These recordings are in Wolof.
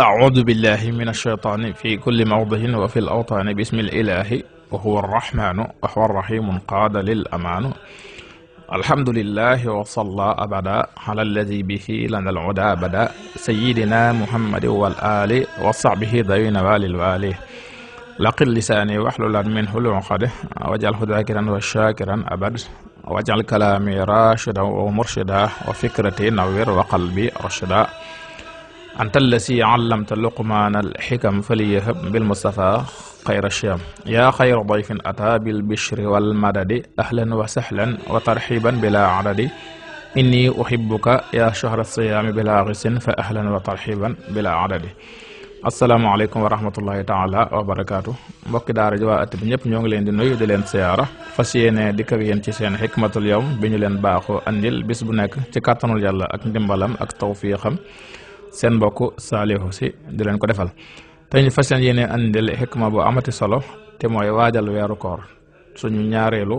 أعوذ بالله من الشيطان في كل موضع وفي الأوطان بسم الإله وهو الرحمن وهو الرحيم قاد للأمان الحمد لله وصلى أبدا على الذي به لنا العدا بدا سيدنا محمد والآل وصحبه ذوي نوال الوالي laqit lisaani waxlulan minhu luqade wajalhu daakiran wa shaakiran abad wajal kalaami raashidan wa murshida wa fikrati nawir wa qalbi rashida anta allasi allamta luqmaana alxikam faliyahab bilmustafa xayra shiyam yaa xayra dayfin ata bilbishri walmadadi ahlan wa sahlan wa tarxiban bila adadi inni uhibuka yaa shahra siyaami bila gisin fa ahlan wa tarxiban bila adadi asalaamaaleykum wa rahmatullahi taala wa barakaatu mbokki daara ji waa at bi ñëpp ñoo ngi leen di nuyu di leen siyaara fas yéene di kaw yéen ci seen xikmatul yawm bi ñu leen baaxoo andil bis bu nekk ci kàttanul yàlla ak ndimbalam ak tawfiixam seen mbokk saalihu si di leen ko defal te ñu fas yéene andil xikma bu amati solo te mooy waajal weeru koor suñu ñaareelu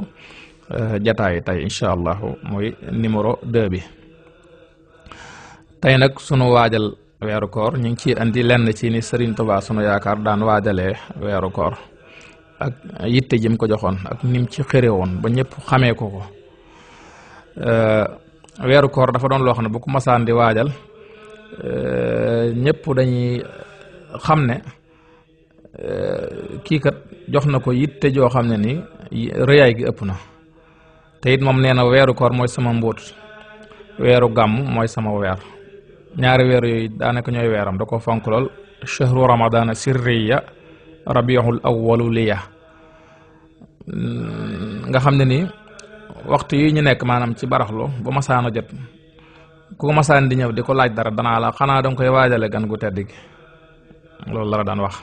eh, jataay tey incha allahu mooy numéro 2 bi tey nag sunu waajal weeru koor ñu ngi ciy andi lenn ci ni Serigne Touba sunu yaakaar daan waajalee weeru koor ak yitte jim ko joxoon ak nim ci xëre woon ba ñëpp xamee ko ko euh, weeru koor dafa doon loo xam ne bu ko masaan di waajal euh, ñépp dañuy xam ne euh, kii kat jox na ko yitte joo xam ne nii rëyaay gi ëpp na te it moom nee na weeru koor mooy sama mbóot weeru gàmm mooy sama weer. ñaari weer yooyu daanaka ñooy weeram da ko fonk lool chahru ramadana sirriya rabiul awalu liya nga xam ne nii waxtu yi ñu nekk maanaam ci baraxlu bu masaana jot ku masaan di ñëw di ko laaj dara danaa la xanaa danga koy waajale gan gu tedd gi loolu la daan wax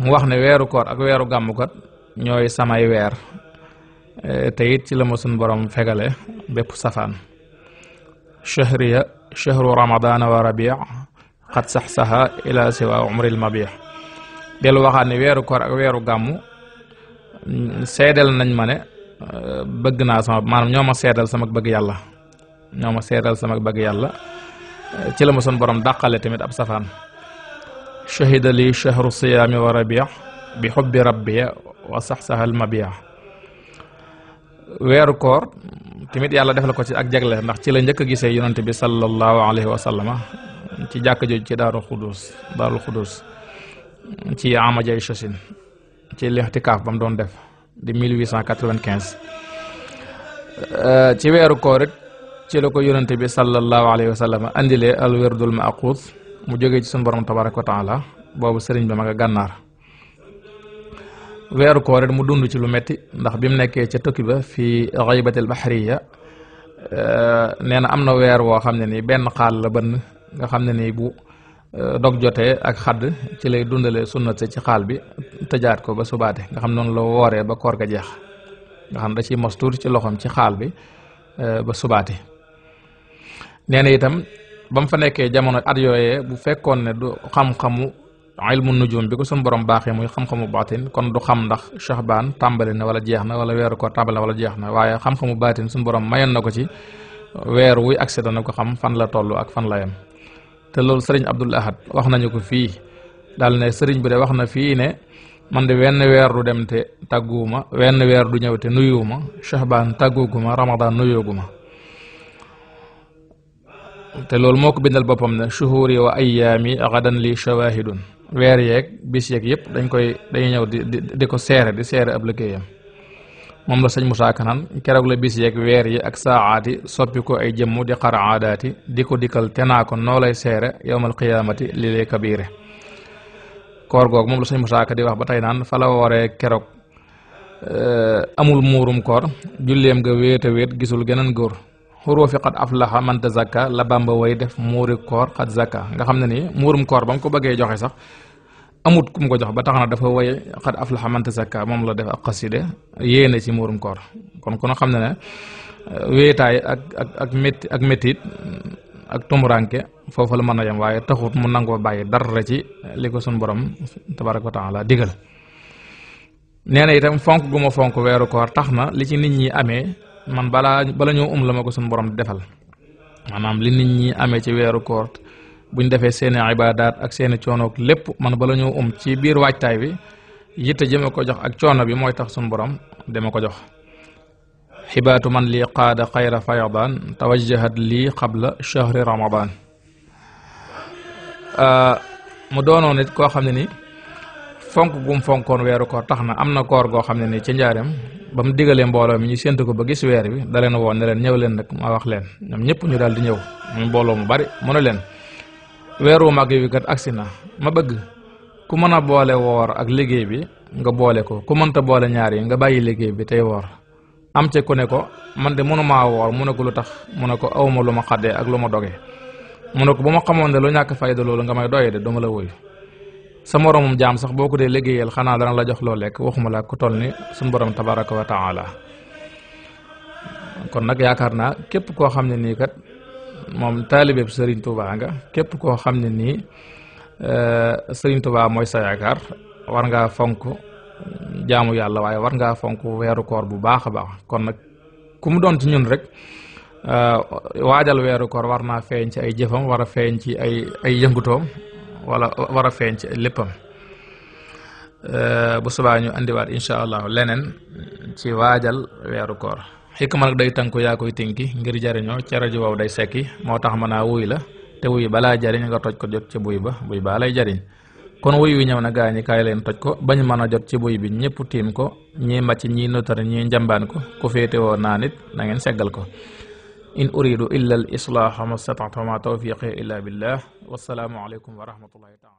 mu wax ne weeru koor ak weeru gàmmukat ñooy samay weer eh, te ci la ma suñ borom fegale bépp safaan shahriya shahru ramadana wa rabi' xat sax-saxa ila siwa umril mabih dellu waxaat ne weeru koor ak weeru gàmmu seedal nañ ma ne bëgg naa sama maanaam ñoo ma seedal sama bëgg yàlla ñoo ma seedal sama bëgg yàlla ci la ma son borom dàqale tamit ab safaan shahida li shahru siyaami wa rabi' bi xubbi rabbiya wa sax-saxal mabia weeru koor tamit yàlla defal ko ci ak jagle ndax ci la njëkk gisee yonante bi sallallahu alayhi wa sallama ci jàkka jooju ci daaru xudus daaru xudus ci ama jay ci lixtikaaf ba mu doon def di 1895 ci weeru koor it ci la ko yonante bi sallallahu alayhi wa sallama andilee al wirdul maqut mu jóge ci sunu borom tabaraka wa taala boobu sëriñ bi mag nga gànnaar weeru kooret mu dund ci lu metti ndax bi mu nekkee ca tukki ba fii xaybatil baxriya euh, nee na am na weer woo xam ne nii benn xaal la bënn nga xam ne nii bu euh, dog jotee ak xadd ci lay dundale sunnat sa ci xaal bi tëjaat ko ba subaate nga xam noonu la wooree ba koor ga jeex nga xam da ciy mos tuuti ci loxoom ci xaal bi euh, ba subaate nee itam ba mu fa nekkee jamono at yooyee bu fekkoon ne du xam-xamu ilmu nujum bi ko suñu borom baaxee muy xam-xamu baatin kon du xam ndax Shahbaan tàmbali na wala jeex na wala weeru koor wala jeex na waaye xam-xamu baatin borom mayoon na ko ci weer wuy accès dana ko xam fan la toll ak fan la te loolu sëriñ Abdul Ahad wax nañu ko fii daal ne sëriñ bi de wax na fii ne man de wenn weer du dem te tàgguwuma wenn weer du ñëw te nuyuwuma Shahbaan tàgguwuma Ramadan nuyuwuma te loolu moo ko bindal boppam ne shuhuri wa ayyaami gadan li weer yeeg bis yeeg yëpp dañ koy dañuy ñëw di di ko seere di seere ab liggéeyam moom la sëñ Moussa Kanaan keroog la bis yeeg weer yi ak saaxaati soppi ko ay jëmm di xar aadaati di ko dikkal te naa ko noo lay seere yowmal qiyaamati li lay kabiire koor googu moom la sëñ Moussa Ka di wax ba tey naan fa la wooree keroog euh, amul muurum koor julleem nga wéet a wéet gisul geneen góor xuróofi xat aflaxa man tazakka la bamba way def muuri koor xat zakka nga xam ne ni muurum koor ba mu ko bëggee joxe sax amut ku mu ko jox ba tax na dafa way xat aflaxa man tazakka moom la def ak xaside yéene ci muurum koor kon kon xam ne ne euh, wéetaay ak ak ak métti ak méttit ak tumuraanke foofu la mën a yem waaye taxut mu nangoo bàyyi dara ci li ko sun borom tabaraka wa taala digal nee na itam fonk gu ma fonk weeru koor tax na li ci nit ñi amee man balaa bala ñoo um la ma ko suñu borom defal maanaam li nit ñi amee ci weeru koor buñ defee seeni ibaadaat ak seeni coonoog lépp man bala ñoo um ci biir waajtaay bi yitte jëma ko jox ak coono bi mooy tax suñu borom dama ko jox xibaatu man lii qaada xayra fayadaan tawajjahat lii qabla chahri ramadan ah, mu doonoon nit koo xam ne ni fonk gum fonkoon weeru koor tax na am na koor goo xam ne ni ci njaareem ba mu digalee mbooloo mi ñu séntu ko ba gis weer bi da leen woo ne leen ñëw leen nag ma wax leen ñoom ñëpp ñu daldi ñëw mu mbooloo mu bari mu ne leen weeru mag bi kat agsi na ma bëgg ku mën a boole woor ak liggéey bi nga boole ko ku mënta boole ñaar yi nga bàyyi liggéey bi tey woor am ca ku ne ko man de mënumaa woor mu ne lu tax mu ne ko awma lu ma xaddee ak lu ma dogee mu ne ko bu ma xamoon ne lu ñàkk fayda loolu nga may doye de duma la wuyu sa moroomum jaam sax boo ko dee liggéeyal xanaa dana la jox loo lekk waxuma la ku toll ni suñu borom tabaraka wa taala kon nag yaakaar naa képp koo xam ne nii kat moom taalibeeb Serigne Touba nga képp koo xam ne nii eh, Serigne Touba mooy sa yaakaar war ngaa fonk jaamu yàlla waaye war ngaa fonk weeru koor bu baax a baax kon nag ku mu doon ci ñun rek eh, waajal weeru koor war naa feeñ ci ay jëfam war a feeñ ci ay ay yëngutoom wala war a feeñ ci léppam eh, bu subaa ñu indiwaat incha allah leneen ci waajal weeru koor xikma nag day tànku yaa koy tinki ngir jariñoo ca rajo wow day sekki moo tax mën naa wuy la te wuy balaa jariñ nga toj ko jot ci buy ba buy baa lay jariñ kon wuy wi ñëw na gaa kaay leen toj ko bañ mën a jot ci buy bi ñëpp tiim ko ñii màcc ñii notari ñii njambaan ko ku féete woon naa nit nangeen seggal ko in uridu illa al islaaha ma stataatu ma tawfiqi illa billah wassalaamu aleykum wa rahmatullahi taala